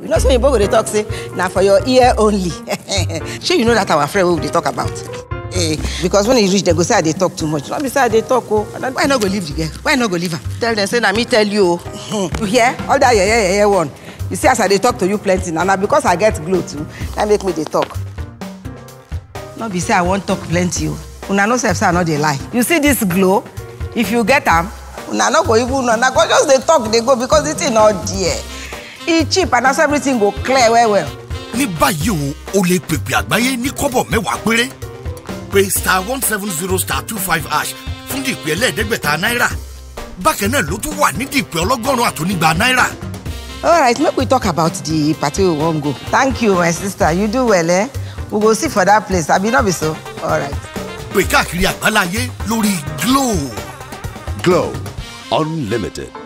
you know say oyinbo go talk say now for your ear only shey you know that our friend wey we dey talk about eh because when he reach they go say they talk too much no be say they talk oh. why not go leave the girl why not go leave am tell them say na me tell you oh. you hear all that yeah yeah yeah one you see as i they talk to you plenty Now now because i get glow too na make me they talk Not be say i won't talk plenty o oh. una know sef say i no dey lie you see this glow if you get am una not go even know una go just they talk they go because the thing no there e cheap and as everything go clear well well. ní báyìí o o lè pèpè àgbáyé ní kọ́bọ̀ mẹ́wàá péré pé star one seven zero star two five ash fún dìpẹ́ ẹlẹ́ẹ̀ẹ́dẹ́gbẹ̀ta náírà bákan náà ló tún wà ní dìpẹ́ ọlọ́gọ́rùn-ún àtònígba náírà. all right make we talk about the party we wan go thank you my sister you do well eh? we go see for that place abi no be so all right. pè káàkiri àgbáláyé lórí Glo. Glo Unlimited.